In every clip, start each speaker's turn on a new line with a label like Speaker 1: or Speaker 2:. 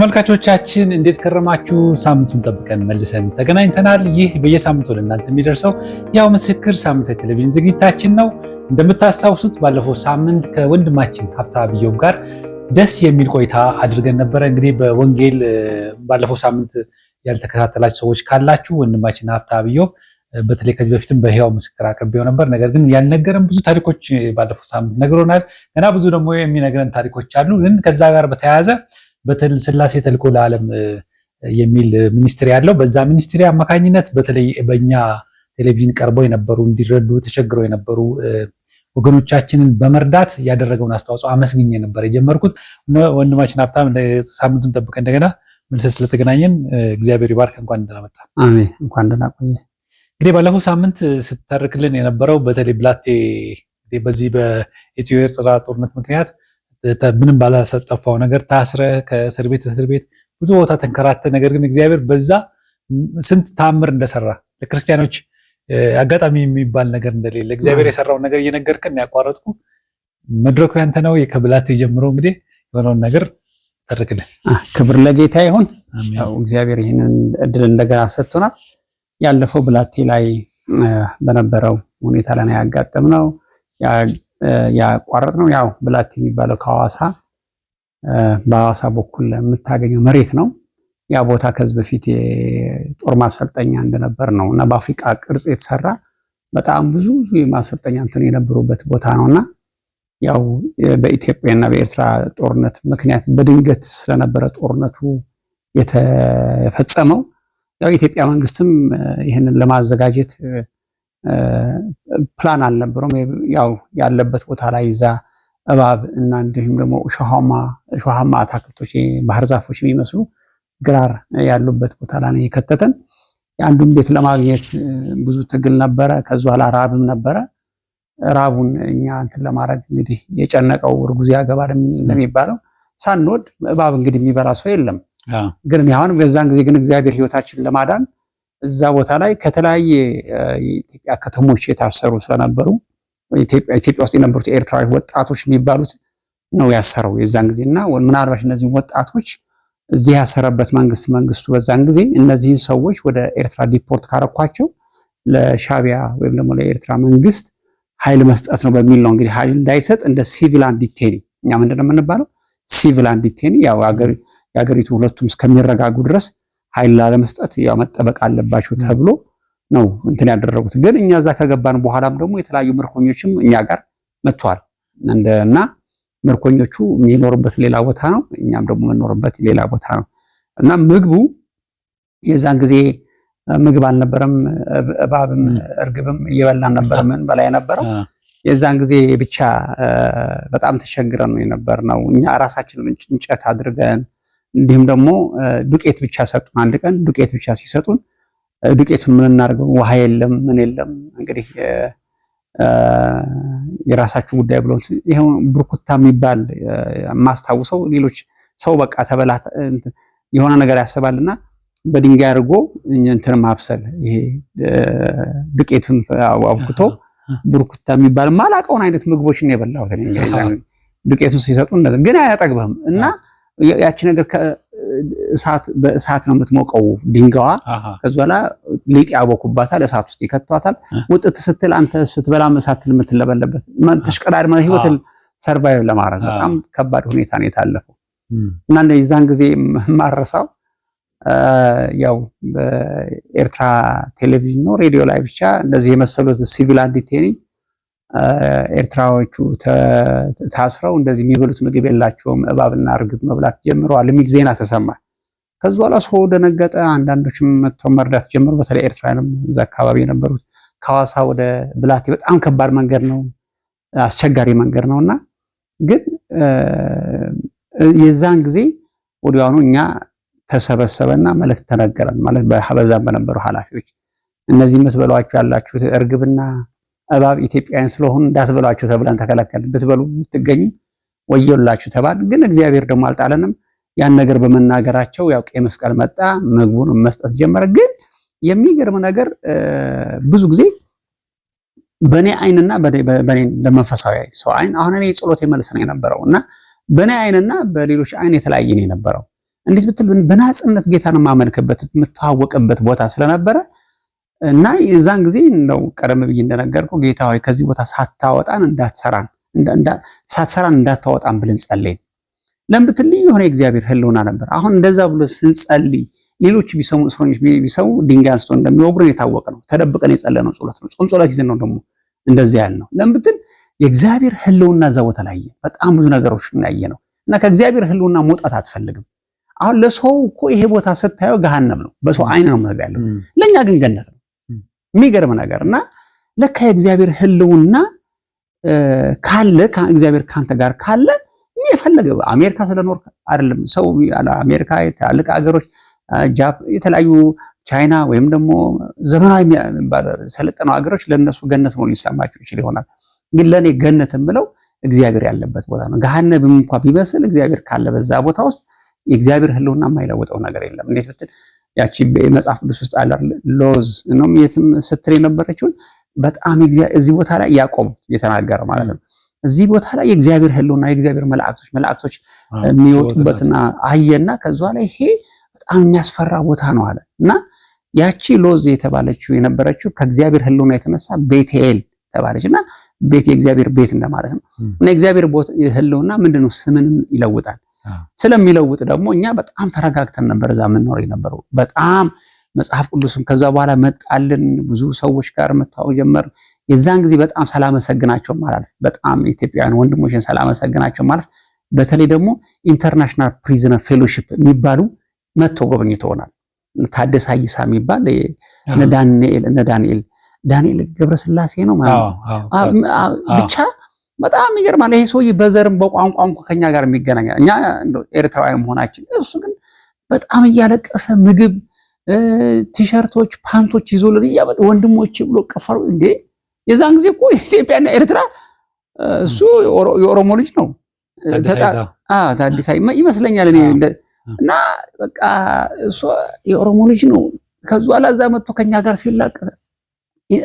Speaker 1: ተመልካቾቻችን እንዴት ከረማችሁ? ሳምንቱን ጠብቀን መልሰን ተገናኝተናል። ይህ በየሳምንቱ ለእናንተ የሚደርሰው ያው ምስክር ሳምንት ቴሌቪዥን ዝግጅታችን ነው። እንደምታስታውሱት ባለፈው ሳምንት ከወንድማችን ሀብታብየው ጋር ደስ የሚል ቆይታ አድርገን ነበረ። እንግዲህ በወንጌል ባለፈው ሳምንት ያልተከታተላችሁ ሰዎች ካላችሁ ወንድማችን ሀብታብየው በተለይ ከዚህ በፊትም በህያው ምስክር አቅርቤው ነበር። ነገር ግን ያልነገረን ብዙ ታሪኮች ባለፈው ሳምንት ነግሮናል። ገና ብዙ ደግሞ የሚነግረን ታሪኮች አሉ። ግን ከዛ ጋር በተያያዘ ስላሴ ተልኮ ለዓለም የሚል ሚኒስትሪ ያለው በዛ ሚኒስትሪ አማካኝነት በተለይ በእኛ ቴሌቪዥን ቀርበው የነበሩ እንዲረዱ ተቸግረው የነበሩ ወገኖቻችንን በመርዳት ያደረገውን አስተዋጽኦ አመስግኝ ነበር የጀመርኩት። ወንድማችን ሀብታም ሳምንቱን ጠብቀ እንደገና ምልሰ ስለተገናኘን እግዚአብሔር ይባርክ። እንኳን ደህና መጣ።
Speaker 2: አሜን። እንኳን ደህና ቆየ።
Speaker 1: እንግዲህ ባለፈው ሳምንት ስታርክልን የነበረው በተለይ ብላቴ በዚህ በኢትዮ ኤርትራ ጦርነት ምክንያት ምንም ባላሰጠፋው ነገር ታስረ ከእስር ቤት እስር ቤት ብዙ ቦታ ተንከራተ። ነገር ግን እግዚአብሔር በዛ ስንት ታምር እንደሰራ ለክርስቲያኖች አጋጣሚ የሚባል ነገር እንደሌለ እግዚአብሔር የሰራውን ነገር እየነገርክን ያቋረጥኩ
Speaker 2: መድረኩ ያንተ ነው። ከብላት ጀምሮ እንግዲህ የሆነውን ነገር ተርክልን።
Speaker 1: ክብር ለጌታ ይሁን። እግዚአብሔር ይህንን እድል እንደገና ሰጥቶናል። ያለፈው ብላቴ ላይ በነበረው ሁኔታ ላይ ነው። ያቋረጥ ነው ያው ብላት የሚባለው ከሐዋሳ በሐዋሳ በኩል የምታገኘው መሬት ነው። ያ ቦታ ከዚህ በፊት የጦር ማሰልጠኛ እንደነበር ነው እና በአፍሪቃ ቅርጽ የተሰራ በጣም ብዙ ብዙ የማሰልጠኛ እንትን የነበሩበት ቦታ ነው እና ያው በኢትዮጵያና በኤርትራ ጦርነት ምክንያት በድንገት ስለነበረ ጦርነቱ የተፈጸመው ያው የኢትዮጵያ መንግስትም ይህንን ለማዘጋጀት ፕላን አልነበረም። ያው ያለበት ቦታ ላይ ይዛ እባብ እና እንዲሁም ደግሞ እሾሃማ አታክልቶች፣ ባህር ዛፎች የሚመስሉ ግራር ያሉበት ቦታ ላይ የከተተን የአንዱን ቤት ለማግኘት ብዙ ትግል ነበረ። ከዚ ኋላ ራብም ነበረ። ራቡን እኛ እንትን ለማድረግ እንግዲህ የጨነቀው እርጉዝ ያገባል ለሚባለው ሳንወድ እባብ እንግዲህ የሚበላ ሰው የለም። ግን አሁንም በዛን ጊዜ ግን እግዚአብሔር ህይወታችን ለማዳን እዛ ቦታ ላይ ከተለያየ የኢትዮጵያ ከተሞች የታሰሩ ስለነበሩ ኢትዮጵያ ውስጥ የነበሩት ኤርትራዊ ወጣቶች የሚባሉት ነው ያሰረው የዛን ጊዜ እና ምናልባት እነዚህ ወጣቶች እዚህ ያሰረበት መንግስት መንግስቱ በዛን ጊዜ እነዚህን ሰዎች ወደ ኤርትራ ዲፖርት ካረኳቸው ለሻቢያ ወይም ደግሞ ለኤርትራ መንግስት ኃይል መስጠት ነው በሚል ነው እንግዲህ ኃይል እንዳይሰጥ እንደ ሲቪላን ዲቴኒ እኛ ምንድነው የምንባለው ሲቪላን ዲቴኒ ያው የሀገሪቱ ሁለቱም እስከሚረጋጉ ድረስ ኃይል ላለመስጠት ያው መጠበቅ አለባቸው ተብሎ ነው እንትን ያደረጉት። ግን እኛ እዛ ከገባን በኋላም ደግሞ የተለያዩ ምርኮኞችም እኛ ጋር መጥተዋል እና ምርኮኞቹ የሚኖርበት ሌላ ቦታ ነው፣ እኛም ደግሞ የምንኖርበት ሌላ ቦታ ነው እና ምግቡ የዛን ጊዜ ምግብ አልነበረም። እባብም እርግብም እየበላን ነበር። ምን በላይ ነበረው የዛን ጊዜ ብቻ በጣም ተቸግረን ነው የነበር ነው እኛ ራሳችን እንጨት አድርገን እንዲሁም ደግሞ ዱቄት ብቻ ሰጡን። አንድ ቀን ዱቄት ብቻ ሲሰጡን ዱቄቱን ምን እናደርገው? ውሃ የለም ምን የለም። እንግዲህ የራሳችሁ ጉዳይ ብሎት ይሄው ብርኩታ የሚባል ማስታውሰው ሌሎች ሰው በቃ ተበላ የሆነ ነገር ያስባልና በድንጋይ አድርጎ እንትን ማብሰል ይሄ ዱቄቱን አውክቶ ብርኩታ የሚባል ማላቀውን አይነት ምግቦችን የበላሁት ዱቄቱን ሲሰጡ ግን አያጠግብህም እና ያቺ ነገር በእሳት ነው የምትሞቀው ድንጋዋ። ከዚ በኋላ ሊጥ ያቦኩባታል፣ እሳት ውስጥ ይከቷታል። ውጥት ስትል አንተ ስትበላም እሳት የምትለበለበት ተሽቀዳድመ ህይወትን ሰርቫይቭ ለማድረግ በጣም ከባድ ሁኔታ ነው የታለፈው እና የዛን ጊዜ የማረሳው ያው በኤርትራ ቴሌቪዥን ነው ሬዲዮ ላይ ብቻ እንደዚህ የመሰሉት ሲቪል አንዲቴኒ ኤርትራዎቹ ታስረው እንደዚህ የሚበሉት ምግብ የላቸውም፣ እባብና እርግብ መብላት ጀምረዋል የሚል ዜና ተሰማ። ከዚ በኋላ ሰው ደነገጠ። አንዳንዶችም መጥተው መርዳት ጀምሩ። በተለይ ኤርትራንም እዛ አካባቢ የነበሩት ከሐዋሳ ወደ ብላቴ በጣም ከባድ መንገድ ነው፣ አስቸጋሪ መንገድ ነው እና ግን የዛን ጊዜ ወዲያውኑ እኛ ተሰበሰበና መልእክት ተነገረን ማለት በዛም በነበሩ ኃላፊዎች እነዚህ መስበሏቸው ያላችሁት እርግብና እባብ ኢትዮጵያውያን ስለሆኑ እንዳትበሏቸው ተብለን ተከለከልን። ብትበሉ ብትገኙ ወዮላችሁ ተባል። ግን እግዚአብሔር ደግሞ አልጣለንም። ያን ነገር በመናገራቸው ያው ቀይ መስቀል መጣ፣ ምግቡን መስጠት ጀመረ። ግን የሚገርም ነገር ብዙ ጊዜ በእኔ አይንና በእኔ ለመንፈሳዊ ሰው አይን አሁን እኔ የጸሎት መልስ ነው የነበረው እና በእኔ አይንና በሌሎች አይን የተለያየ ነው የነበረው። እንዴት ብትል በናጽነት ጌታን የማመልክበት የምተዋወቅበት ቦታ ስለነበረ እና የዛን ጊዜ እንደው ቀደም ብዬ እንደነገርኩ ጌታ ሆይ ከዚህ ቦታ ሳታወጣን እንዳትሰራን ሳትሰራን እንዳታወጣን ብለን ጸለይን። ለምትል የሆነ እግዚአብሔር ህልውና ነበር። አሁን እንደዛ ብሎ ስንጸልይ ሌሎች ቢሰሙ እስረኞች ቢሰሙ ድንጋይ አንስቶ እንደሚወግሩን የታወቀ ነው። ተደብቀን የጸለነው ጸሎት ነው። ጾም ጸሎት ይዘን ነው ደግሞ እንደዚህ ያለ ነው። ለምብትል የእግዚአብሔር ህልውና እዛ ቦታ ላይ በጣም ብዙ ነገሮች እናየ ነው እና ከእግዚአብሔር ህልውና መውጣት አትፈልግም። አሁን ለሰው እኮ ይሄ ቦታ ስታየው ገሃነም ነው፣ በሰው አይን ነው ያለው። ለእኛ ግን ገነት ነው። የሚገርም ነገር እና ለካ የእግዚአብሔር ህልውና ካለ እግዚአብሔር ካንተ ጋር ካለ የፈለገ አሜሪካ ስለኖር አይደለም ሰው አሜሪካ፣ ትላልቅ ሀገሮች፣ የተለያዩ ቻይና ወይም ደግሞ ዘመናዊ ሰለጠነው ሀገሮች ለእነሱ ገነት መሆን ሊሰማቸው ይችል ይሆናል። ግን ለእኔ ገነት የምለው እግዚአብሔር ያለበት ቦታ ነው። ገሃነብም እንኳ ቢመስል እግዚአብሔር ካለ በዛ ቦታ ውስጥ የእግዚአብሔር ህልውና የማይለውጠው ነገር የለም። እንዴት ብትል ያቺ መጽሐፍ ቅዱስ ውስጥ አለ ሎዝ ነው የትም ስትል የነበረችውን በጣም እዚህ ቦታ ላይ ያዕቆብ የተናገረ ማለት ነው። እዚህ ቦታ ላይ የእግዚአብሔር ህልውና የእግዚአብሔር መላእክቶች መላእክቶች የሚወጡበትና አየና ከዛ ላይ ይሄ በጣም የሚያስፈራ ቦታ ነው አለ እና ያቺ ሎዝ የተባለችው የነበረችው ከእግዚአብሔር ህልውና የተነሳ ቤቴል ተባለች እና ቤት የእግዚአብሔር ቤት እንደማለት ነው እና የእግዚአብሔር ህልውና ምንድነው ስምንም ይለውጣል ስለሚለውጥ ደግሞ እኛ በጣም ተረጋግተን ነበር እዛ የምንኖር የነበረው በጣም መጽሐፍ ቅዱስም ከዛ በኋላ መጣልን። ብዙ ሰዎች ጋር መታወቅ ጀመር። የዛን ጊዜ በጣም ሳላመሰግናቸው ማላልፍ በጣም ኢትዮጵያውያን ወንድሞችን ሳላመሰግናቸው ማላልፍ በተለይ ደግሞ ኢንተርናሽናል ፕሪዝነር ፌሎሺፕ የሚባሉ መጥቶ ጎብኝተውናል። ታደሳ ይሳ የሚባል እነ ዳንኤል ዳንኤል ገብረስላሴ ነው ብቻ በጣም ይገርማል። ይሄ ሰውዬ በዘርም በቋንቋም ከኛ ጋር የሚገናኛ እኛ ኤርትራዊ መሆናችን፣ እሱ ግን በጣም እያለቀሰ ምግብ፣ ቲሸርቶች፣ ፓንቶች ይዞልን እያበ ወንድሞች ብሎ ቀፈሩ እንዴ! የዛን ጊዜ እኮ ኢትዮጵያና ኤርትራ እሱ የኦሮሞ ልጅ ነው ታዲሳ ይመስለኛል እኔ እና በቃ እሱ የኦሮሞ ልጅ ነው። ከዚ ኋላ እዛ መጥቶ ከኛ ጋር ሲላቀሰ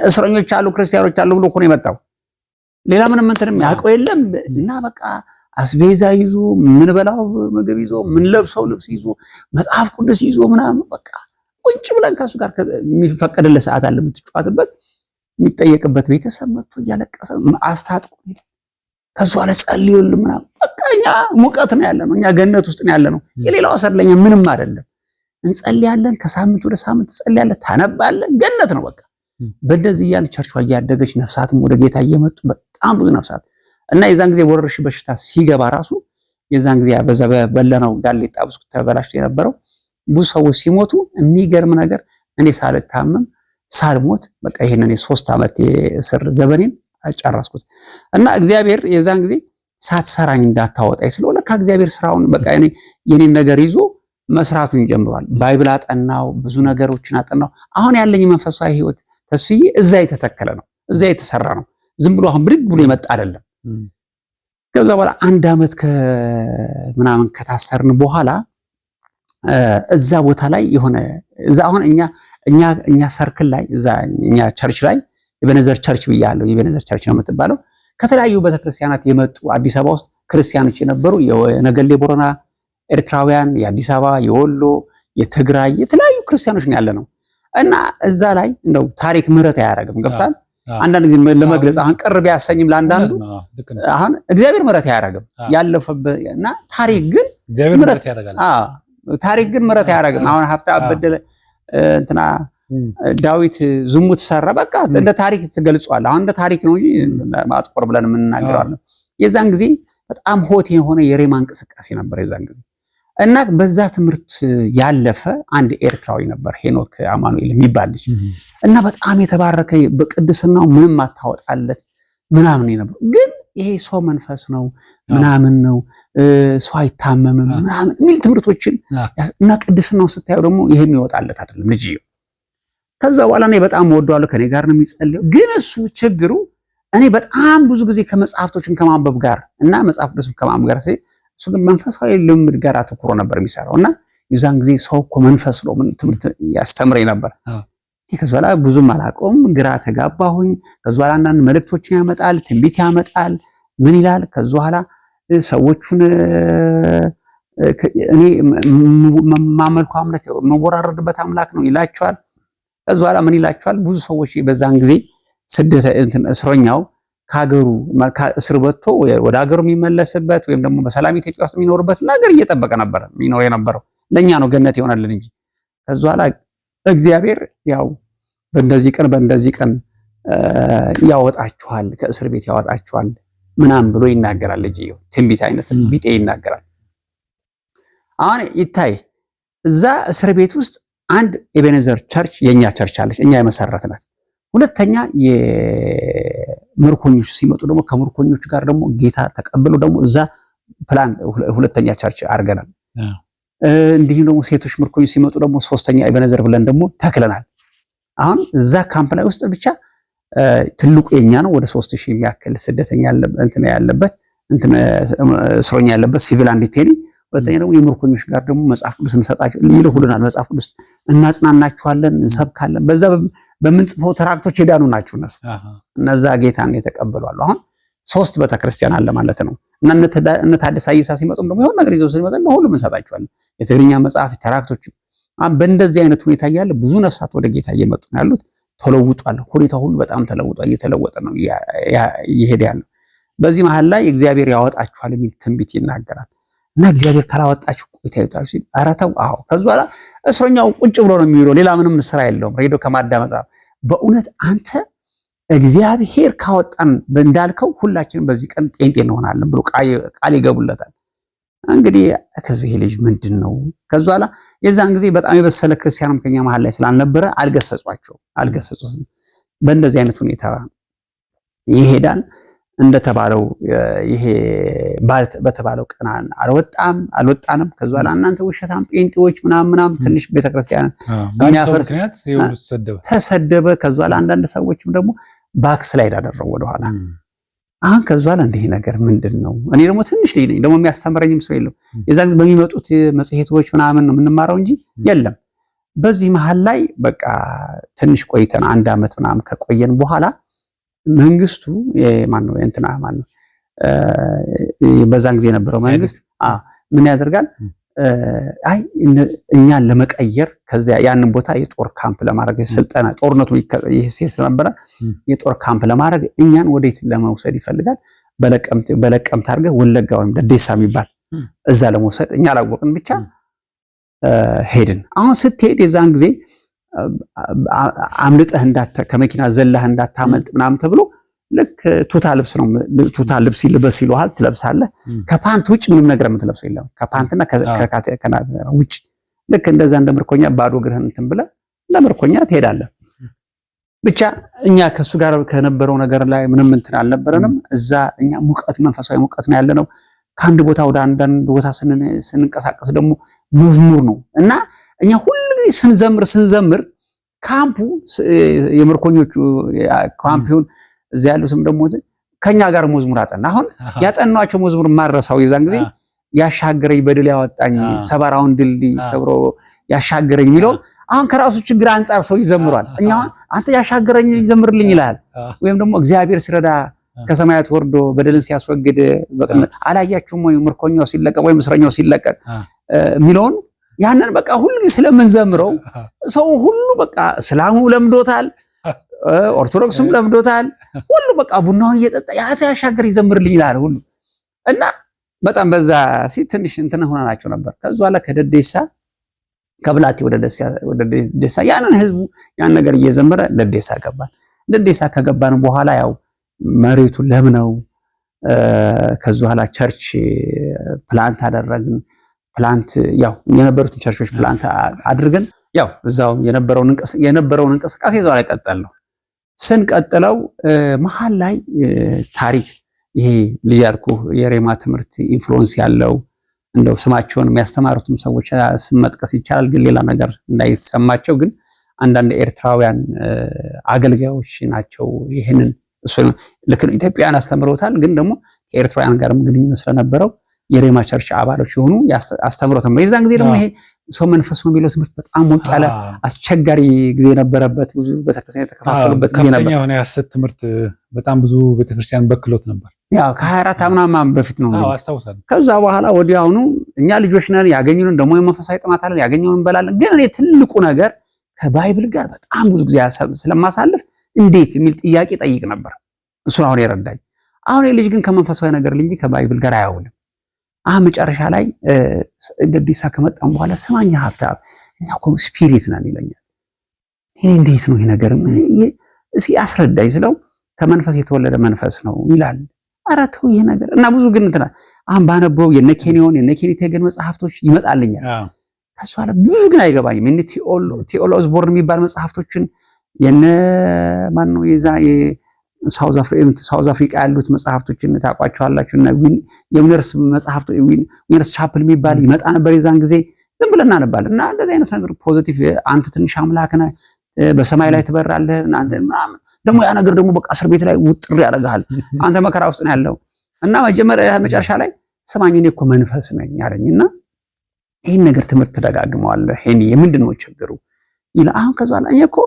Speaker 1: እስረኞች አሉ ክርስቲያኖች አሉ ብሎ እኮ ነው የመጣው ሌላ ምንም እንትንም ያውቀው የለም እና በቃ አስቤዛ ይዞ ምንበላው ምግብ ይዞ ምን ለብሰው ልብስ ይዞ መጽሐፍ ቅዱስ ይዞ ምናምን በቃ ቁጭ ብለን ከሱ ጋር የሚፈቀድለት ሰዓት አለ የምትጫወትበት የሚጠየቅበት ቤተሰብ መጥቶ እያለቀሰ አስታጥቆ ከሱ አለ ጸልዩልን ምናምን በቃ እኛ ሙቀት ነው ያለ ነው እኛ ገነት ውስጥ ነው ያለ ነው። የሌላው አሰር ለኛ ምንም አይደለም። እንጸልያለን፣ ከሳምንት ወደ ሳምንት ትጸልያለህ፣ ታነባለህ። ገነት ነው በቃ። በእንደዚህ እያለ ቸርቿ እያደገች ነፍሳትም ወደ ጌታ እየመጡ በጣም ብዙ ነፍሳት እና የዛን ጊዜ ወረርሽ በሽታ ሲገባ ራሱ የዛን ጊዜ በዛ በበለነው ጋሌጣ ብስኩት ተበላሽቶ የነበረው ብዙ ሰዎች ሲሞቱ የሚገርም ነገር እኔ ሳልታመም ሳልሞት በቃ ይሄንን የሶስት ዓመት የእስር ዘበኔን ጨረስኩት እና እግዚአብሔር የዛን ጊዜ ሳትሰራኝ እንዳታወጣኝ ስለሆነ ከእግዚአብሔር ስራውን በቃ የኔን ነገር ይዞ መስራቱን ጀምሯል። ባይብል አጠናው፣ ብዙ ነገሮችን አጠናው። አሁን ያለኝ መንፈሳዊ ህይወት ተስፍዬ እዛ የተተከለ ነው፣ እዛ የተሰራ ነው። ዝም ብሎ አሁን ብድግ ብሎ የመጣ አይደለም። ከዛ በኋላ አንድ አመት ምናምን ከታሰርን በኋላ እዛ ቦታ ላይ የሆነ እዛ አሁን እኛ እኛ እኛ ሰርክል ላይ እዛ እኛ ቸርች ላይ የበነዘር ቸርች ብያለሁ። የበነዘር ቸርች ነው የምትባለው። ከተለያዩ ቤተክርስቲያናት የመጡ አዲስ አበባ ውስጥ ክርስቲያኖች የነበሩ የነገሌ ቦረና ኤርትራውያን፣ የአዲስ አበባ፣ የወሎ፣ የትግራይ የተለያዩ ክርስቲያኖች ነው ያለ ነው እና እዛ ላይ እንደው ታሪክ ምረት አያደርግም ገብታል አንዳንድ ጊዜ ለመግለጽ አሁን ቅር ቢያሰኝም ለአንዳንዱ አሁን እግዚአብሔር ምሕረት አያደርግም ያለፈበት እና ታሪክ ግን ታሪክ ግን ምሕረት አያደርግም። አሁን ሀብታ አበደለ እንትና ዳዊት ዝሙት ሰራ፣ በቃ እንደ ታሪክ ትገልጿል። አሁን እንደ ታሪክ ነው እንጂ ማጥቆር ብለን የምንናገረዋለን። የዛን ጊዜ በጣም ሆቴ የሆነ የሬማ እንቅስቃሴ ነበር የዛን ጊዜ እና በዛ ትምህርት ያለፈ አንድ ኤርትራዊ ነበር ሄኖክ አማኑኤል የሚባል ልጅ እና በጣም የተባረከ በቅድስናው ምንም አታወጣለት ምናምን ነበር። ግን ይሄ ሰው መንፈስ ነው ምናምን ነው ሰው አይታመምም ምናምን የሚል ትምህርቶችን እና ቅድስናው ስታየው ደግሞ ይሄም ይወጣለት አይደለም ልጅ። ከዛ በኋላ እኔ በጣም ወደዋለሁ፣ ከኔ ጋር ነው የሚጸልየው። ግን እሱ ችግሩ እኔ በጣም ብዙ ጊዜ ከመጽሐፍቶችን ከማንበብ ጋር እና መጽሐፍ ቅዱስ ከማንበብ ጋር እሱ ግን መንፈሳዊ ልምድ ጋር አተኩሮ ነበር የሚሰራው እና የዛን ጊዜ ሰው እኮ መንፈስ ነው ምን ትምህርት ያስተምረኝ ነበር። ከዚ በኋላ ብዙም አላውቀውም፣ ግራ ተጋባሁኝ። ከዚ በኋላ አንዳንድ መልእክቶችን ያመጣል፣ ትንቢት ያመጣል። ምን ይላል? ከዚ በኋላ ሰዎቹን እኔ ማመልኩ አምላክ መወራረድበት አምላክ ነው ይላቸዋል። ከዚ በኋላ ምን ይላቸዋል? ብዙ ሰዎች በዛን ጊዜ ስደት እስረኛው ከሀገሩ እስር ወጥቶ ወደ ሀገሩ የሚመለስበት ወይም ደግሞ በሰላም ኢትዮጵያ ውስጥ የሚኖርበት ነገር እየጠበቀ ነበረ የሚኖር የነበረው ለእኛ ነው ገነት ይሆናልን እንጂ ከዚ ኋላ እግዚአብሔር ያው በእንደዚህ ቀን በእንደዚህ ቀን ያወጣችኋል ከእስር ቤት ያወጣችኋል ምናምን ብሎ ይናገራል። ልጅ ትንቢት አይነት ቢጤ ይናገራል። አሁን ይታይ እዛ እስር ቤት ውስጥ አንድ ኤቤኔዘር ቸርች የእኛ ቸርች አለች፣ እኛ የመሰረትናት። ሁለተኛ ምርኮኞች ሲመጡ ደግሞ ከምርኮኞች ጋር ደግሞ ጌታ ተቀብለው ደግሞ እዛ ፕላን ሁለተኛ ቸርች አድርገናል። እንዲሁም ደግሞ ሴቶች ምርኮኞች ሲመጡ ደግሞ ሶስተኛ ኢበነዘር ብለን ደግሞ ተክለናል። አሁን እዛ ካምፕ ላይ ውስጥ ብቻ ትልቁ የኛ ነው። ወደ ሶስት ሺህ የሚያክል ስደተኛ እንትን ያለበት እንትን እስረኛ ያለበት ሲቪል አንድ ቴኒ ሁለተኛ ደግሞ የምርኮኞች ጋር ደግሞ መጽሐፍ ቅዱስ እንሰጣቸው ይልሁልናል። መጽሐፍ ቅዱስ እናጽናናችኋለን፣ እንሰብካለን በዛ በምንጽፈው ተራክቶች የዳኑ ናቸው እነሱ እነዛ ጌታን የተቀበሏሉ። አሁን ሶስት ቤተክርስቲያን አለ ማለት ነው። እና እነ ታደሰ አይሳ ሲመጡም ደግሞ የሆነ ነገር ይዘው ሲመጡ ሁሉም እንሰጣቸዋለን። የትግርኛ መጽሐፍ ተራክቶች። በእንደዚህ አይነት ሁኔታ እያለ ብዙ ነፍሳት ወደ ጌታ እየመጡ ነው ያሉት። ተለውጧል። ሁኔታ ሁሉ በጣም ተለውጧል። እየተለወጠ ነው ይሄድ ያለው። በዚህ መሀል ላይ እግዚአብሔር ያወጣችኋል የሚል ትንቢት ይናገራል። እና እግዚአብሔር ካላወጣችሁ ቆይታዩታል ሲል ኧረ አዎ። ከዚ በኋላ እስረኛው ቁጭ ብሎ ነው የሚውለው። ሌላ ምንም ስራ የለውም ሬዲዮ ከማዳመጥ። በእውነት አንተ እግዚአብሔር ካወጣን እንዳልከው ሁላችንም በዚህ ቀን ጴንጤ እንሆናለን ብሎ ቃል ይገቡለታል። እንግዲህ ከዚ ይሄ ልጅ ምንድን ነው? ከዚ በኋላ የዛን ጊዜ በጣም የበሰለ ክርስቲያንም ከኛ መሀል ላይ ስላልነበረ አልገሰጿቸው አልገሰጹትም። በእንደዚህ አይነት ሁኔታ ይሄዳል። እንደተባለው ይሄ በተባለው ቀን አልወጣም አልወጣንም። ከዚ በኋላ እናንተ ውሸታም ጴንጤዎች ምናምን ምናምን ትንሽ ቤተክርስቲያን የሚያፈርስ ተሰደበ። ከዚ በኋላ አንዳንድ ሰዎችም ደግሞ ባክስላይድ አደረጉ ወደኋላ። አሁን ከዚ በኋላ እንዲህ ነገር ምንድን ነው? እኔ ደግሞ ትንሽ ልጅ ነኝ፣ ደግሞ የሚያስተምረኝም ሰው የለም። የዛን ጊዜ በሚመጡት መጽሔቶች ምናምን ነው የምንማረው እንጂ የለም። በዚህ መሀል ላይ በቃ ትንሽ ቆይተን አንድ አመት ምናምን ከቆየን በኋላ መንግስቱ ማነው እንትና ማነው በዛን ጊዜ የነበረው መንግስት ምን ያደርጋል? አይ እኛን ለመቀየር ከዚያ ያንን ቦታ የጦር ካምፕ ለማድረግ ስልጠና ጦርነቱ ይሄ ስለነበረ የጦር ካምፕ ለማድረግ እኛን ወዴት ለመውሰድ ይፈልጋል? በለቀምት በለቀምት አድርገህ ወለጋ ወይም ደዴሳ የሚባል እዛ ለመውሰድ እኛ አላወቅን ብቻ ሄድን። አሁን ስትሄድ የዛን ጊዜ አምልጠህ ከመኪና ዘለህ እንዳታመልጥ ምናምን ተብሎ ልክ ቱታ ልብስ ነው ቱታ ልብስ ይልበስ ይሉሃል፣ ትለብሳለህ። ከፓንት ውጭ ምንም ነገር የምትለብሰው የለም፣ ከፓንትና ውጭ። ልክ እንደዛ እንደ ምርኮኛ ባዶ እግርህን እንትን ብለህ እንደ ምርኮኛ ትሄዳለህ። ብቻ እኛ ከእሱ ጋር ከነበረው ነገር ላይ ምንም እንትን አልነበረንም። እዛ እኛ ሙቀት መንፈሳዊ ሙቀት ነው ያለነው። ከአንድ ቦታ ወደ አንዳንድ ቦታ ስንንቀሳቀስ ደግሞ መዝሙር ነው እና እኛ ሁሉ ስንዘምር ስንዘምር ካምፑ የምርኮኞቹ ካምፒውን እዚያ ያሉ ስም ደግሞ ከኛ ጋር መዝሙር አጠና። አሁን ያጠናቸው መዝሙር ማረሳው የዛን ጊዜ ያሻገረኝ በድል ያወጣኝ ሰባራውን ድልድይ ሰብሮ ያሻገረኝ የሚለውን አሁን ከራሱ ችግር አንጻር ሰው ይዘምሯል። እኛ አንተ ያሻገረኝ ይዘምርልኝ ይላል። ወይም ደግሞ እግዚአብሔር ሲረዳ ከሰማያት ወርዶ በደልን ሲያስወግድ አላያችሁም ወይ ምርኮኛው ሲለቀቅ ወይም እስረኛው ሲለቀቅ የሚለውን ያንን በቃ ሁሉ ስለምንዘምረው ሰው ሁሉ በቃ እስላሙ ለምዶታል፣ ኦርቶዶክስም ለምዶታል። ሁሉ በቃ ቡናውን እየጠጣ ያተ ያሻገር ይዘምርልኝ ይላል ሁሉ እና በጣም በዛ ሲ ትንሽ እንትን ሆናናቸው ነበር። ከዛ በኋላ ከደደሳ ከብላቴ ወደ ደደሳ ያንን ህዝቡ ያን ነገር እየዘመረ ደደሳ ገባን። ደደሳ ከገባን በኋላ ያው መሬቱ ለም ነው። ከዛ በኋላ ቸርች ፕላንት አደረግን። ፕላንት ያው የነበሩትን ቸርቾች ፕላንት አድርገን ያው እዛው የነበረውን እንቅስቃሴ እዛው ላይ ቀጠል ነው ስንቀጥለው መሀል ላይ ታሪክ ይሄ ልጅ የሬማ ትምህርት ኢንፍሉዌንስ ያለው እንደው ስማቸውን የሚያስተማሩትም ሰዎች መጥቀስ ይቻላል፣ ግን ሌላ ነገር እንዳይሰማቸው ግን አንዳንድ ኤርትራውያን አገልጋዮች ናቸው። ይህንን ልክ ኢትዮጵያውያን አስተምረውታል፣ ግን ደግሞ ከኤርትራውያን ጋርም ግንኙነት ስለነበረው የሬማ ቸርች አባሎች የሆኑ አስተምሮት ነው። የዛን ጊዜ ደግሞ ይሄ ሰው መንፈሱ የሚለው ትምህርት በጣም ሞቅ ያለ አስቸጋሪ ጊዜ ነበረበት። ብዙ ቤተክርስቲያን የተከፋፈሉበት ጊዜ ነበር። ከፍተኛ
Speaker 2: የሆነ የሐሰት ትምህርት በጣም ብዙ ቤተክርስቲያን በክሎት ነበር።
Speaker 1: ያው ከ አራት አምናማ በፊት ነው አስታውሳለሁ። ከዛ በኋላ ወዲያውኑ እኛ ልጆች ነን፣ ያገኙንን ደግሞ የመንፈሳዊ ጥማት አለን፣ ያገኘውን እንበላለን። ግን እኔ ትልቁ ነገር ከባይብል ጋር በጣም ብዙ ጊዜ ስለማሳልፍ እንዴት የሚል ጥያቄ ጠይቅ ነበር። እሱን አሁን የረዳኝ አሁን ልጅ ግን ከመንፈሳዊ ነገር ልንጂ ከባይብል ጋር አያውልም አሁን መጨረሻ ላይ እንግዲህ ሳ ከመጣም በኋላ ስማኝ ሀብታም፣ እኛ እኮ ስፒሪት ነን ይለኛል። ይሄ እንዴት ነው ይሄ ነገር? እስኪ አስረዳኝ ስለው ከመንፈስ የተወለደ መንፈስ ነው ይላል። ኧረ ተው ይሄ ነገር እና ብዙ ግን እንትና አሁን ባነበው የነ ኬንዮን የነ ኬኒቴገን መጽሐፍቶች ይመጣልኛል። ከሱ አለ ብዙ ግን አይገባኝም። የነ ቴዎሎዝ ቦርን የሚባል መጽሐፍቶችን የነ ማን ነው የዛ ሳውዝ አፍሪቃ ያሉት መጽሐፍቶችን ታውቋቸዋላችሁ። እና የዊነርስ መጽሐፍ ዊነርስ ቻፕል የሚባል ይመጣ ነበር የዛን ጊዜ ዝም ብለን እናነባለን። እና እንደዚህ አይነት ነገር ፖዚቲቭ፣ አንተ ትንሽ አምላክ ነህ፣ በሰማይ ላይ ትበራለህ ምናምን። ደግሞ ያ ነገር ደግሞ በቃ እስር ቤት ላይ ውጥር ያደርግሃል። አንተ መከራ ውስጥ ነው ያለው እና መጀመሪያ መጨረሻ ላይ ስማኝ እኔ እኮ መንፈስ ነኝ ያለኝ እና ይህን ነገር ትምህርት ተደጋግመዋለህ ሄኒ የምንድን ነው ችግሩ ይላል። አሁን ከዛ ላይ እኔ እኮ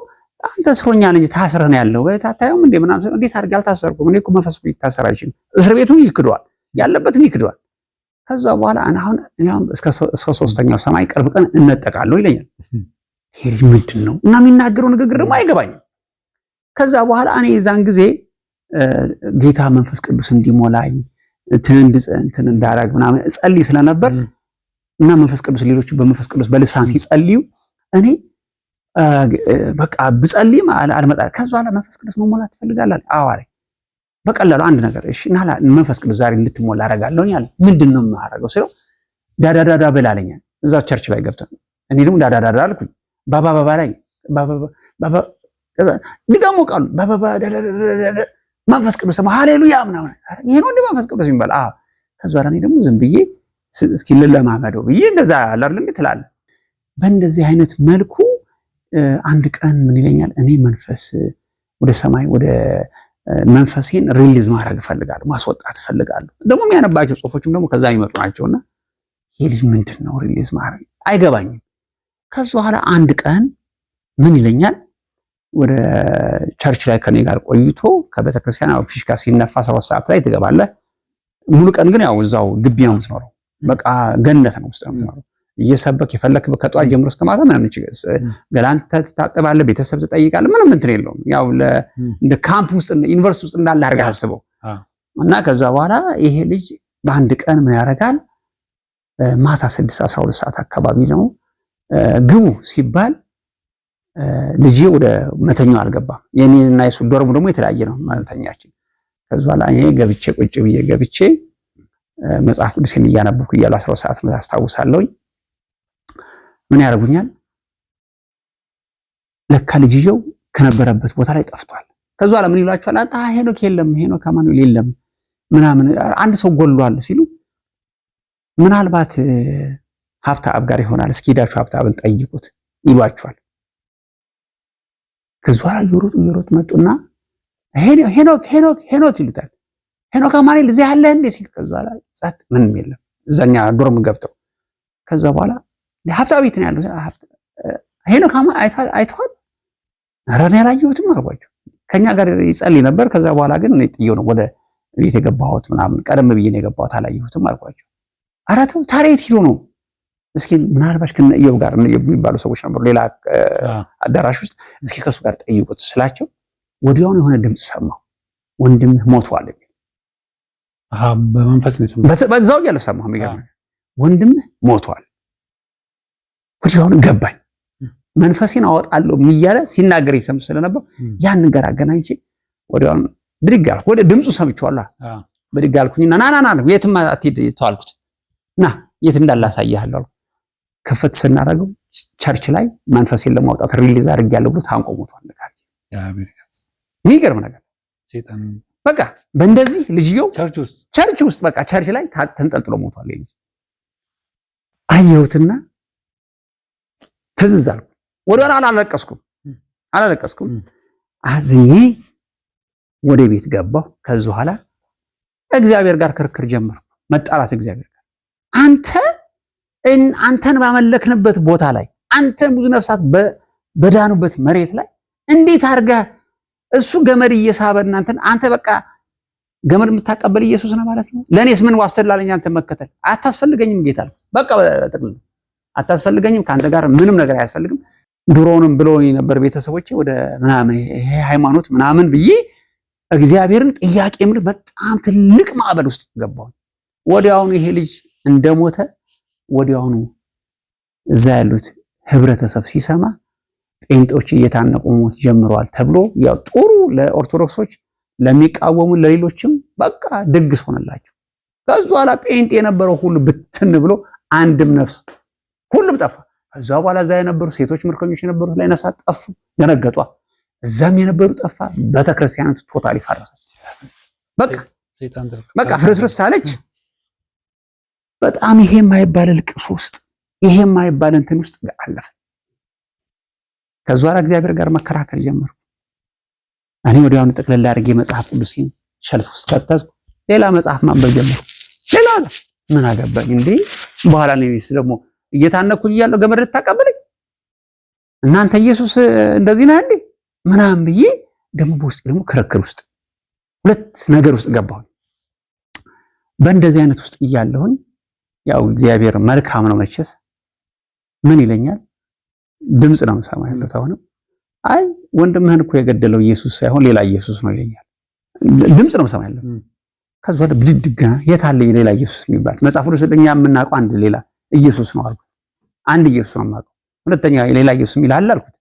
Speaker 1: አንተ እስረኛ ነህ እንጂ ታስረህ ነው ያለው ታታዩም እንዴ ምናምን እንዴት አድርጌ አልታሰርኩም እኔ እኮ መንፈስ ይታሰር አይችልም እስር ቤቱን ይክዷል ያለበትን ይክዷል ከዛ በኋላ አሁን እስከ ሶስተኛው ሰማይ ቅርብ ቀን እነጠቃለሁ ይለኛል ይህ ምንድን ነው እና የሚናገረው ንግግር ደግሞ አይገባኝም ከዛ በኋላ እኔ የዛን ጊዜ ጌታ መንፈስ ቅዱስ እንዲሞላኝ እንትን እንዳረግ ምናምን ጸልይ ስለነበር እና መንፈስ ቅዱስ ሌሎች በመንፈስ ቅዱስ በልሳን ሲጸልዩ እኔ በቃ ብጸልይም አልመጣ ከዚ በኋላ መንፈስ ቅዱስ መሞላት ትፈልጋለህ? አዋሪ በቀላሉ አንድ ነገር እሺ፣ እና መንፈስ ቅዱስ ዛሬ እንድትሞላ አደርጋለሁኝ አለ። ምንድን ነው የማደርገው ስለው ዳዳዳዳ ብላለኛል እዛ ቸርች ላይ ገብተ እኔ ደግሞ ዳዳዳዳ አልኩኝ። ባባባባ ላይ ድጋሞ ቃሉ ባባባ መንፈስ ቅዱስ ሃሌሉያ ምናምን ነው እንደ መንፈስ ቅዱስ የሚባል አዎ። ከዚ በኋላ እኔ ደግሞ ዝም ብዬ እስኪ ልለማመደው ብዬ እንደዛ አላርልም ትላለ በእንደዚህ አይነት መልኩ አንድ ቀን ምን ይለኛል፣ እኔ መንፈስ ወደ ሰማይ ወደ መንፈሴን ሪሊዝ ማድረግ እፈልጋለሁ፣ ማስወጣት እፈልጋለሁ። ደግሞ የሚያነባቸው ጽሁፎችም ደግሞ ከዛ የሚመጡ ናቸውና ይህ ልጅ ምንድን ነው ሪሊዝ ማድረግ አይገባኝም። ከዚ በኋላ አንድ ቀን ምን ይለኛል ወደ ቸርች ላይ ከኔ ጋር ቆይቶ ከቤተክርስቲያን ፊሽካ ሲነፋ ሰባት ሰዓት ላይ ትገባለህ። ሙሉ ቀን ግን ያው እዛው ግቢ ነው የምትኖረው። በቃ ገነት ነው ውስጥ ነው የምትኖረው። እየሰበክ የፈለክ ከጠዋት ጀምሮ እስከ ማታ ምናምን ገላንተ ትታጠባለ፣ ቤተሰብ ትጠይቃለ ምንም እንትን የለውም። ያው እንደ ካምፕ ውስጥ ዩኒቨርስቲ ውስጥ እንዳለ አድርገህ አስበው እና ከዛ በኋላ ይሄ ልጅ በአንድ ቀን ምን ያደርጋል? ማታ ስድስት አስራ ሁለት ሰዓት አካባቢ ነው ግቡ ሲባል ልጄ ወደ መተኛው አልገባም። የኔና የሱ ዶርም ደግሞ የተለያየ ነው መተኛችን። ከዚ በኋላ እኔ ገብቼ ቁጭ ብዬ ገብቼ መጽሐፍ ቅዱሴን እያነበብኩ እያሉ አስራ ሁለት ሰዓት ነው ምን ያደርጉኛል? ለካ ልጅየው ከነበረበት ቦታ ላይ ጠፍቷል። ከዛ ለምን ምን ይሏቸዋል? አንተ ሄኖክ የለም ሄኖክ አማኑኤል የለም ምናምን አንድ ሰው ጎሏል ሲሉ ምናልባት ሀብተአብ ጋር ይሆናል እስኪ ሄዳችሁ አብን ጠይቁት ይሏቸዋል። ከዛ ላይ እየሮጡ እየሮጡ መጡና ሄኖክ ሄኖክ ሄኖክ ይሉታል። ሄኖክ አማኑኤል እዚህ ያለህ እንዴ ሲል ከዛ ላይ ጸጥ ምንም የለም እዛኛ ዶርም ገብተው ከዛ በኋላ ሀብታ ቤት ነው ያሉት። ሄኖክ አይተዋል? ኧረ እኔ አላየሁትም አልኳቸው። ከኛ ጋር ይጸልይ ነበር። ከዛ በኋላ ግን እኔ ጥዬው ነው ወደ ቤት የገባሁት ምናምን። ቀደም ብዬ ነው የገባሁት፣ አላየሁትም አልኳቸው። ኧረ ተው ታዲያ ሂዶ ነው? እስኪ ምናልባሽ ከነ እየው ጋር የሚባሉ ሰዎች ነበሩ ሌላ አዳራሽ ውስጥ፣ እስኪ ከሱ ጋር ጠይቁት ስላቸው ወዲያውኑ የሆነ ድምፅ ሰማሁ። ወንድምህ ሞቷል የሚል
Speaker 2: በመንፈስ ነው የሰማሁት።
Speaker 1: በዛው እያለሁ ሰማሁ። የሚገርምህ ወንድምህ ሞቷል ወዲያውኑ ገባኝ። መንፈሴን አወጣለሁ እያለ ሲናገር ይሰሙ ስለነበር ያን ነገር አገናኝቼ ወዲያውኑ ብድግ አልኩ። ወደ ድምፁ ሰምቼዋለሁ። ብድግ አልኩኝና ና ና ና የትም አትሄድ ተዋልኩት። ና የት እንዳላሳያለሁ ክፍት ስናደርገው ቸርች ላይ መንፈሴን ለማውጣት ሪሊዝ አድርጌያለሁ ብሎ ታንቆ ሞቷል። ነገር የሚገርም ነገር በቃ በእንደዚህ ልጅየው
Speaker 2: ቸርች
Speaker 1: ውስጥ በቃ ቸርች ላይ ተንጠልጥሎ ሞቷል። ልጅ አየሁትና ትዝዝ አልኩ። ወዲያውኑ አላለቀስኩም አላለቀስኩም አዝኜ ወደ ቤት ገባሁ። ከዚህ በኋላ እግዚአብሔር ጋር ክርክር ጀመርኩ፣ መጣላት እግዚአብሔር ጋር አንተ አንተን ባመለክንበት ቦታ ላይ አንተን ብዙ ነፍሳት በዳኑበት መሬት ላይ እንዴት አድርገህ እሱ ገመድ እየሳበ እናንተን አንተ በቃ ገመድ የምታቀበል ኢየሱስ ነው ማለት ነው። ለእኔስ ምን ዋስትና አለኝ አንተን መከተል አታስፈልገኝም ጌታ አልኩት። በቃ አታስፈልገኝም፣ ከአንተ ጋር ምንም ነገር አያስፈልግም። ድሮውንም ብሎ ነበር ቤተሰቦች ወደ ምናምን ይሄ ሃይማኖት ምናምን ብዬ እግዚአብሔርን ጥያቄ ምልህ በጣም ትልቅ ማዕበል ውስጥ ገባሁ። ወዲያውኑ ይሄ ልጅ እንደሞተ ወዲያውኑ እዛ ያሉት ህብረተሰብ ሲሰማ ጴንጦች እየታነቁ ሞት ጀምረዋል ተብሎ ያው ጥሩ ለኦርቶዶክሶች ለሚቃወሙ ለሌሎችም በቃ ድግስ ሆነላቸው። ከዛ በኋላ ጴንጤ የነበረው ሁሉ ብትን ብሎ አንድም ነፍስ ሁሉም ጠፋ። እዛ በኋላ እዛ የነበሩ ሴቶች ምርኮኞች የነበሩት ላይ ነፍሳት ጠፉ፣ ደነገጧ። እዛም የነበሩ ጠፋ። ቤተክርስቲያኒቱ ቶታል ፈረሰች። በቃ ፍርስርስ አለች። በጣም ይሄ የማይባል ልቅስ ውስጥ ይሄ የማይባል እንትን ውስጥ አለፈ። ከዚ በኋላ እግዚአብሔር ጋር መከራከር ጀመሩ። እኔ ወዲያውኑ ጥቅልል አድርጌ መጽሐፍ ቅዱሴን ሸልፍ ውስጥ ከተዝኩ ሌላ መጽሐፍ ማንበብ ጀመሩ። ሌላ ምን አገባኝ እንዲህ በኋላ ነው ደግሞ እየታነኩኝ እያለሁ ገመድ ልታቀብለኝ እናንተ ኢየሱስ እንደዚህ ነህ እንዴ ምናምን ብዬ ደግሞ በውስጥ ደግሞ ክርክር ውስጥ ሁለት ነገር ውስጥ ገባሁኝ። በእንደዚህ አይነት ውስጥ እያለሁኝ ያው እግዚአብሔር መልካም ነው መቼስ ምን ይለኛል? ድምፅ ነው የምሰማ ያለሁት አሁንም አይ ወንድምህን እኮ የገደለው ኢየሱስ ሳይሆን ሌላ ኢየሱስ ነው ይለኛል። ድምፅ ነው የምሰማ ያለሁት። ከዚ ብድድግ የት ሌላ ኢየሱስ የሚባል መጽሐፍ ቅዱስ እኛ የምናውቀው አንድ ሌላ ኢየሱስ ነው አልኩ። አንድ ኢየሱስ ነው የማውቀው፣ ሁለተኛ ሌላ ኢየሱስ ይላል አልኩት።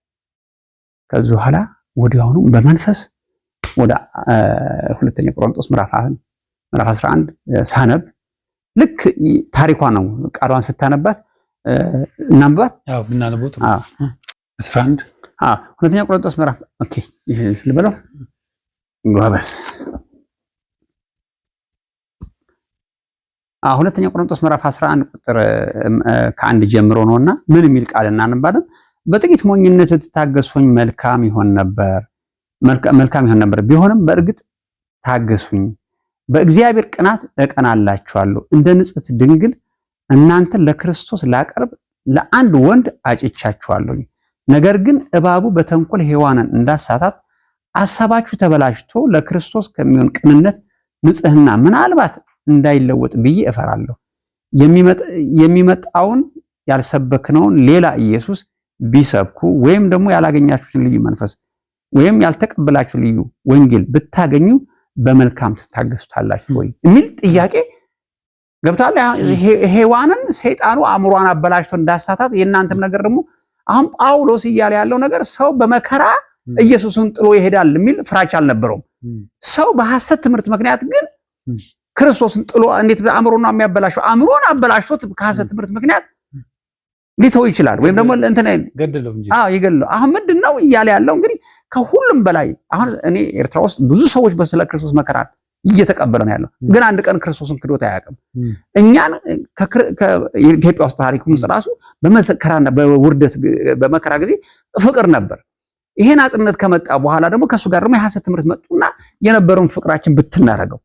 Speaker 1: ከዚህ በኋላ ወዲያውኑ በመንፈስ ወደ ሁለተኛ ቆሮንቶስ ምዕራፍ 11 ሳነብ ልክ ታሪኳ ነው ቃሏን ስታነባት እናንብባት።
Speaker 2: አዎ ብናነቦት አዎ 11
Speaker 1: አዎ ሁለተኛ ቆሮንቶስ ምዕራፍ ኦኬ ይሄን ስለበለው ጎበስ ሁለተኛ ቆሮንቶስ ምዕራፍ 11 ቁጥር ከአንድ ጀምሮ ነውና ምን የሚል ቃል እናንባለን? በጥቂት ሞኝነት ብትታገሱኝ መልካም ይሆን ነበር መልካም ይሆን ነበር። ቢሆንም በእርግጥ ታገሱኝ። በእግዚአብሔር ቅናት እቀናላችኋለሁ። እንደ ንጽሕት ድንግል እናንተን ለክርስቶስ ላቀርብ ለአንድ ወንድ አጭቻችኋለሁ። ነገር ግን እባቡ በተንኮል ሔዋንን እንዳሳታት አሳባችሁ ተበላሽቶ ለክርስቶስ ከሚሆን ቅንነት ንጽህና ምናልባት እንዳይለወጥ ብዬ እፈራለሁ። የሚመጣውን ያልሰበክነውን ሌላ ኢየሱስ ቢሰብኩ ወይም ደግሞ ያላገኛችሁትን ልዩ መንፈስ ወይም ያልተቀበላችሁ ልዩ ወንጌል ብታገኙ በመልካም ትታገሱታላችሁ ወይ የሚል ጥያቄ ገብቷል። ሔዋንን ሰይጣኑ አእምሯን አበላሽቶ እንዳሳታት የእናንተም ነገር ደግሞ አሁን ጳውሎስ እያለ ያለው ነገር ሰው በመከራ ኢየሱስን ጥሎ ይሄዳል የሚል ፍራቻ አልነበረውም። ሰው በሐሰት ትምህርት ምክንያት ግን ክርስቶስን ጥሎ እንዴት አእምሮና የሚያበላሸው አእምሮን አበላሽቶት ከሐሰት ትምህርት ምክንያት ሊተው ይችላል። ወይም ደግሞ እንትን
Speaker 2: እንጂ
Speaker 1: ይገድለው። አሁን ምንድን ነው እያለ ያለው እንግዲህ ከሁሉም በላይ አሁን እኔ ኤርትራ ውስጥ ብዙ ሰዎች በስለ ክርስቶስ መከራ እየተቀበለ ነው ያለው፣ ግን አንድ ቀን ክርስቶስን ክዶት አያውቅም። እኛን ከኢትዮጵያ ውስጥ ታሪኩም ራሱ በመከራና በውርደት በመከራ ጊዜ ፍቅር ነበር። ይሄን አጽንነት ከመጣ በኋላ ደግሞ ከእሱ ጋር ደግሞ የሐሰት ትምህርት መጡና የነበረውን ፍቅራችን ብትናረገው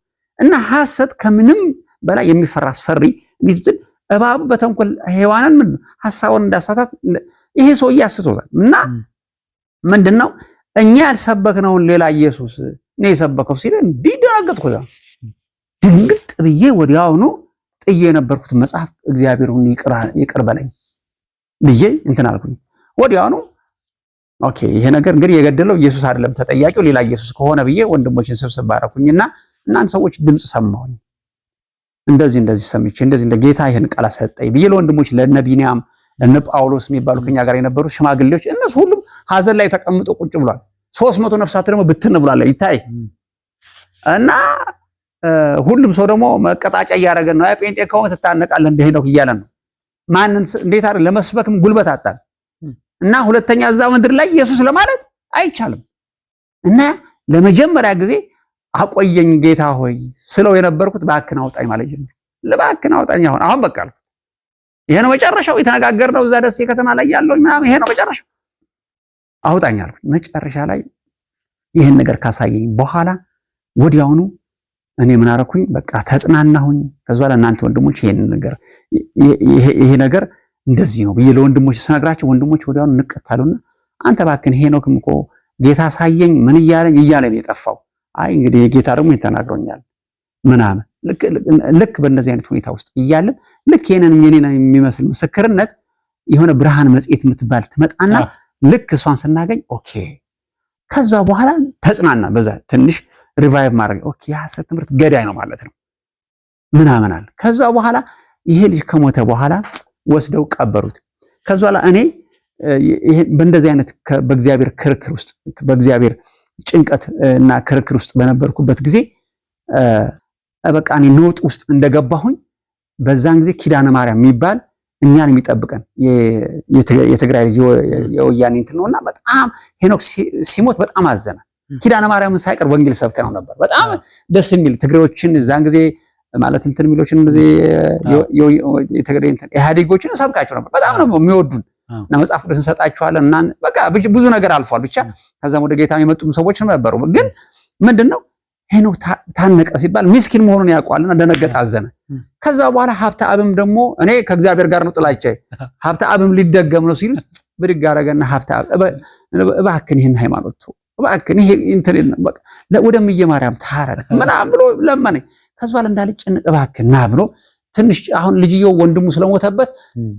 Speaker 1: እና ሐሰት ከምንም በላይ የሚፈራ አስፈሪ እንዴት እባብ በተንኮል ሔዋንን ምን ሐሳቡን እንዳሳታት ይሄ ሰው አስቶታል። እና ምንድነው እኛ ያልሰበክነውን ሌላ ኢየሱስ ነው የሰበከው ሲል እንዲህ ደነገጥኩ። ድንግጥ ብዬ ወዲያውኑ ጥዬ የነበርኩት መጽሐፍ እግዚአብሔርን ይቅር በለኝ ብዬ እንትን አልኩኝ ወዲያውኑ። ኦኬ ይሄ ነገር እንግዲህ የገደለው ኢየሱስ አይደለም ተጠያቂው ሌላ ኢየሱስ ከሆነ ብዬ ወንድሞችን ስብስብ ባረኩኝና እናንተ ሰዎች ድምፅ ሰማሁኝ እንደዚህ እንደዚህ ሰምቼ እንደዚህ እንደ ጌታ ይህን ቃል ሰጠኝ ብዬ ለወንድሞች ለነ ቢንያም ለነ ጳውሎስ የሚባሉ ከኛ ጋር የነበሩ ሽማግሌዎች እነሱ ሁሉም ሀዘን ላይ ተቀምጦ ቁጭ ብሏል። ሶስት መቶ ነፍሳት ደግሞ ብትን ብሏል ይታይ እና ሁሉም ሰው ደግሞ መቀጣጫ እያደረገን ነው። ጴንጤ ከሆነ ትታነቃለህ እንደ ነው እያለን ነው። ማንን እንዴት አይደል ለመስበክም ጉልበት አጣን እና ሁለተኛ እዛ ምድር ላይ ኢየሱስ ለማለት አይቻልም እና ለመጀመሪያ ጊዜ አቆየኝ ጌታ ሆይ ስለው የነበርኩት ባክን አውጣኝ ማለት ጀመር። ለባክን አውጣኝ አሁን አሁን በቃ ነው። ይሄ ነው መጨረሻው። የተነጋገርነው እዛ ደሴ ከተማ ላይ ያለው ምናምን ይሄ ነው መጨረሻው፣ አውጣኝ አልኩኝ። መጨረሻ ላይ ይህን ነገር ካሳየኝ በኋላ ወዲያውኑ እኔ ምን አረኩኝ? በቃ ተጽናናሁኝ። ከዛ እናንተ ወንድሞች ይሄን ነገር ይሄ ነገር እንደዚህ ነው ብዬ ለወንድሞች ስነግራቸው ወንድሞች ወዲያውኑ ንቀታሉና አንተ ባክን ሄኖክም እኮ ጌታ ሳየኝ ምን እያለኝ እያለኝ የጠፋው አይ እንግዲህ የጌታ ደግሞ ይተናግሮኛል ምናምን ልክ በእነዚህ አይነት ሁኔታ ውስጥ እያለን ልክ ይህንን የኔን የሚመስል ምስክርነት የሆነ ብርሃን መጽሔት የምትባል ትመጣና ልክ እሷን ስናገኝ ኦኬ፣ ከዛ በኋላ ተጽናና፣ በዛ ትንሽ ሪቫይቭ ማድረግ ኦኬ፣ የሐሰት ትምህርት ገዳይ ነው ማለት ነው ምናምናል ከዛ በኋላ ይሄ ልጅ ከሞተ በኋላ ወስደው ቀበሩት። ከዛ በኋላ እኔ በእንደዚህ አይነት በእግዚአብሔር ክርክር ውስጥ በእግዚአብሔር ጭንቀት እና ክርክር ውስጥ በነበርኩበት ጊዜ በቃ እኔ ነውጥ ውስጥ እንደገባሁኝ በዛን ጊዜ ኪዳነ ማርያም የሚባል እኛን የሚጠብቀን የትግራይ ልጅ የወያኔ እንትን ነው እና በጣም ሄኖክ ሲሞት በጣም አዘነ። ኪዳነ ማርያምን ሳይቀር ወንጌል ሰብከ ነው ነበር። በጣም ደስ የሚል ትግሬዎችን እዛን ጊዜ ማለት እንትን የሚሎችን ኢህአዴጎችን ሰብካቸው ነበር። በጣም ነው የሚወዱን እና መጽሐፍ ቅዱስ እንሰጣችኋለን እና በቃ ብዙ ነገር አልፏል። ብቻ ከዛም ወደ ጌታ የመጡም ሰዎች ነበሩ። ግን ምንድን ነው ሄኖክ ታነቀ ሲባል ሚስኪን መሆኑን ያውቀዋልና ደነገጠ፣ አዘነ። ከዛ በኋላ ሀብተ አብም ደግሞ እኔ ከእግዚአብሔር ጋር ነው ጥላቻዬ፣ ሀብተ አብም ሊደገም ነው ሲሉ ብድግ አደረገና ሀብተ አብ እባክን ይህን ሃይማኖት እባክን ይሄ እንትን በቃ ወደምየ ማርያም ታረቅ ምናምን ብሎ ለመነኝ። ከዛ በኋላ እንዳልጭን እባክን ና ብሎ ትንሽ አሁን ልጅየው ወንድሙ ስለሞተበት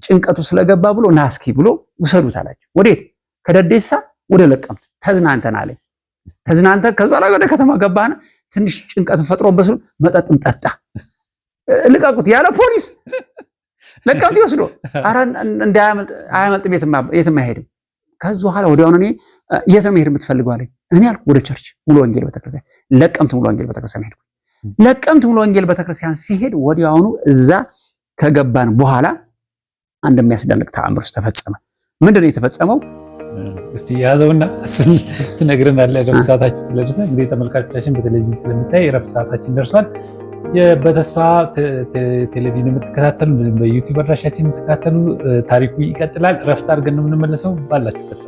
Speaker 1: ጭንቀቱ ስለገባ ብሎ ናስኪ ብሎ ውሰዱት አላቸው። ወዴት? ከደዴሳ ወደ ለቀምት ተዝናንተን አለ። ተዝናንተ ከዛ ላይ ወደ ከተማ ገባህን ትንሽ ጭንቀትን ፈጥሮበት ስሉ መጠጥም ጠጣ። ልቀቁት ያለ ፖሊስ ለቀምት ይወስዶ አረ እንዳያመልጥ የትም አይሄድም። ከዚ በኋላ ወዲያውኑ እኔ የት ነው መሄድ የምትፈልገው አለኝ። እኔ ያልኩ ወደ ቸርች ሙሉ ወንጌል ቤተክርስቲያን፣ ለቀምት ሙሉ ወንጌል ቤተክርስቲያን ሄድኩ። ለቀምት ብሎ ወንጌል ቤተክርስቲያን ሲሄድ ወዲያውኑ እዛ ከገባን በኋላ አንድ የሚያስደንቅ ተአምር ውስጥ ተፈጸመ። ምንድን ነው የተፈጸመው?
Speaker 2: እስቲ ያዘውና እሱን ትነግረናለህ። የእረፍት ሰዓታችን ስለደረሰ እንግዲህ ተመልካቾቻችን በቴሌቪዥን ስለሚታይ የእረፍት ሰዓታችን ደርሷል። በተስፋ ቴሌቪዥን የምትከታተሉ በዩቲዩብ አድራሻችን የምትከታተሉ ታሪኩ ይቀጥላል። እረፍት አድርገን ነው የምንመለሰው። ባላችሁ